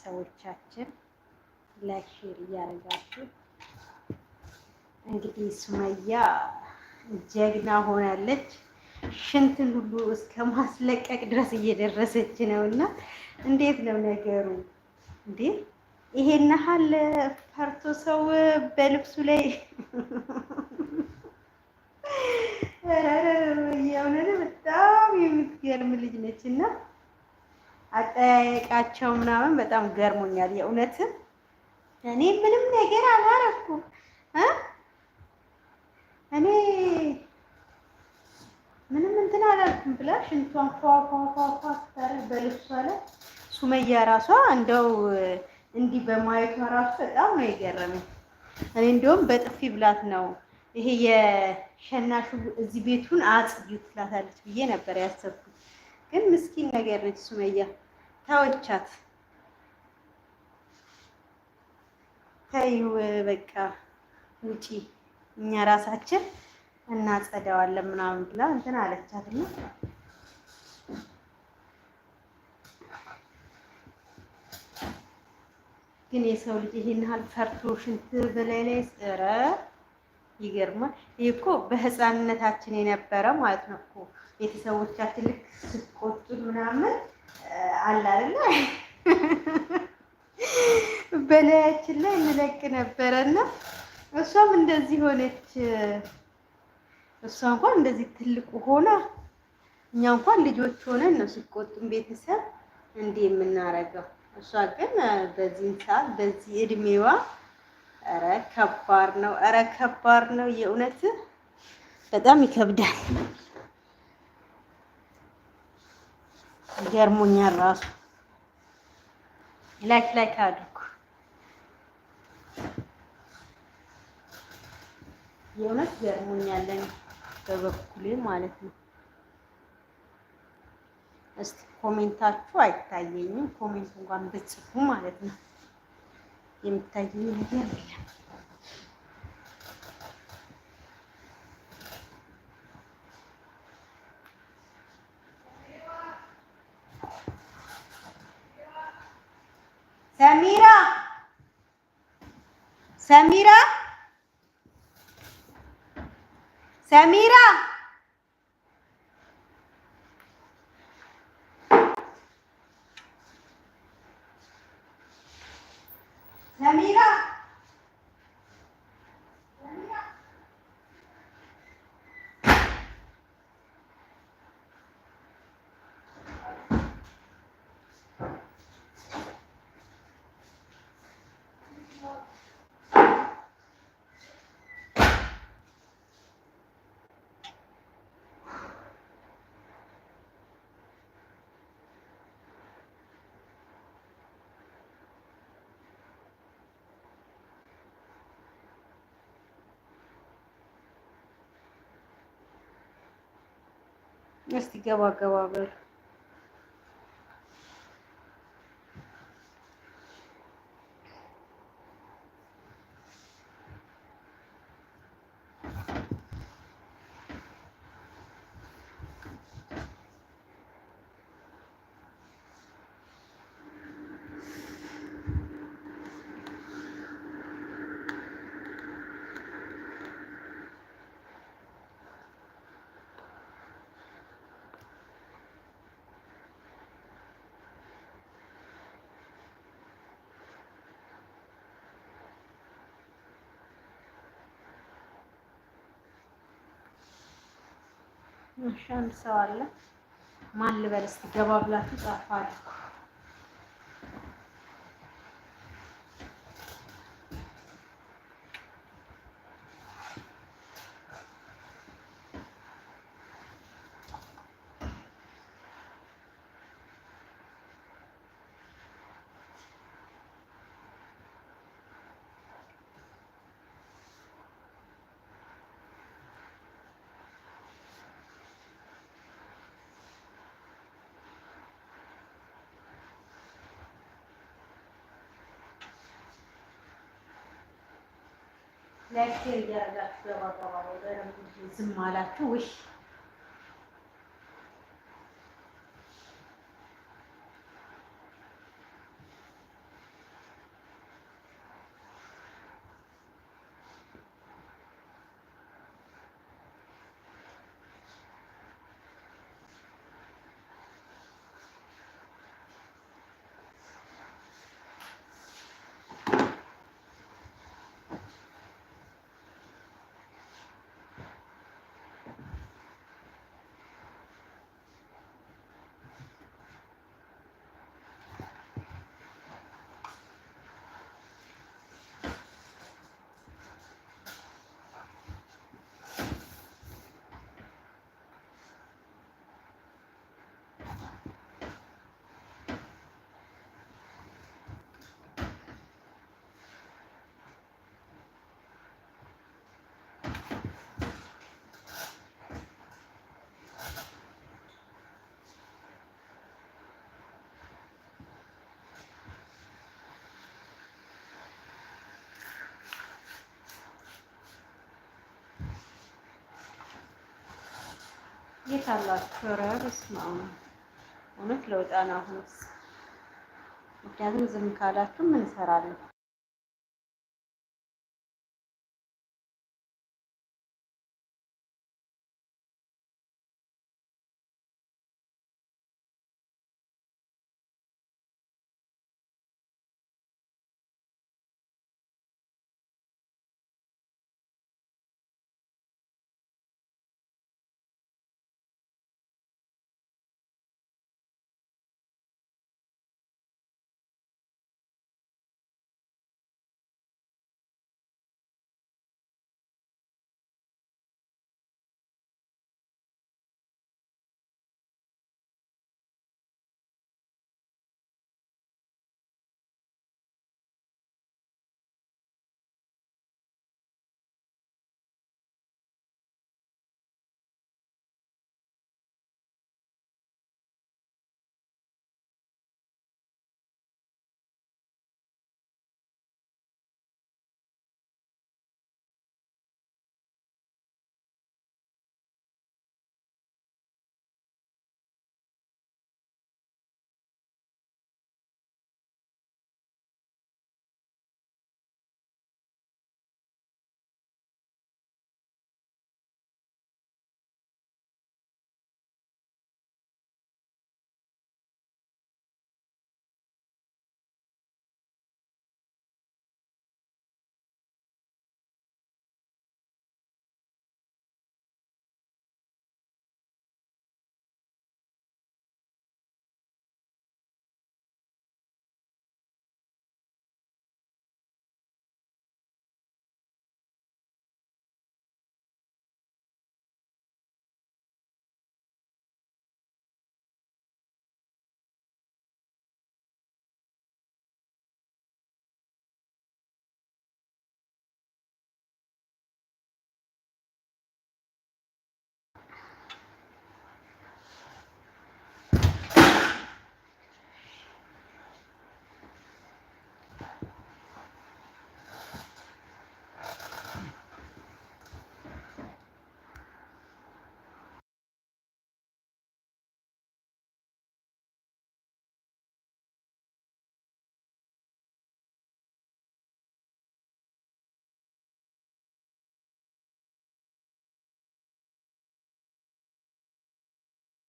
ቤተሰቦቻችን ላይክ ሼር እያደረጋችሁ እንግዲህ ሱመያ ጀግና ሆናለች። ሽንትን ሁሉ እስከ ማስለቀቅ ድረስ እየደረሰች ነው። እና እንዴት ነው ነገሩ? እንዴ ይሄን ያህል ፈርቶ ሰው በልብሱ ላይ የሆነ በጣም የምትገርም ልጅ ነች እና አጠያየቃቸው ምናምን በጣም ገርሞኛል። የእውነትም እኔ ምንም ነገር አላረኩም እኔ ምንም እንትን አላልኩም ብላ ሽንቷን ፏፏፏፏ ስታረግ በልብሷ ላይ ሱመያ ራሷ እንደው እንዲህ በማየቷ ራሱ በጣም ነው የገረመኝ። እኔ እንደውም በጥፊ ብላት ነው ይሄ የሸናሹ እዚህ ቤቱን አጽዩ ትላታለች ብዬ ነበር ያሰብኩት። ግን ምስኪን ነገር ነች ሱመያ። ታወቻት ተይው በቃ ውጪ፣ እኛ ራሳችን እናጸደዋለን ምናምን ብላ እንትን አለቻት እና ግን የሰው ልጅ ይሄን ያህል ፈርቶ ሽንት በላይ ላይ ስረ ይገርማል። ይሄ እኮ በህፃንነታችን የነበረ ማለት ነው እኮ ቤተሰቦቻችን ልክ ስቆጡን ምናምን አለ አይደለ በላያችን ላይ እንለቅ ነበረና እሷም እንደዚህ ሆነች። እሷ እንኳን እንደዚህ ትልቁ ሆና እኛ እንኳን ልጆች ሆነን ነው ስቆጡን ቤተሰብ እንዲህ የምናረገው። እሷ ግን በዚህ ሰዓት በዚህ እድሜዋ ኧረ ከባድ ነው፣ ኧረ ከባድ ነው። የእውነት በጣም ይከብዳል። ገርሞኛል ራሱ። ላይክ ላይክ አድርጉ የእውነት ገርሞኛል እኔ በበኩሌ ማለት ነው። እስቲ ኮሜንታችሁ አይታየኝም። ኮሜንት እንኳን ብጽፉ ማለት ነው የምታየኝ ነገር የለም። Samira. Samira. Samira. እስቲ ገባ ገባ በሉ አንድ ሰው አለ። ማን ልበል እስኪ ገባ ብላችሁ ጻፉ ላይክ እያደረጋችሁ ገባ ገባ ዝም አላችሁ ውሽ የታላቅ አላችሁ? ኧረ በስመ አብ እውነት ለውጣና ሁኑስ። ምክንያቱም ዝም ካላችሁ ምን እሰራለሁ?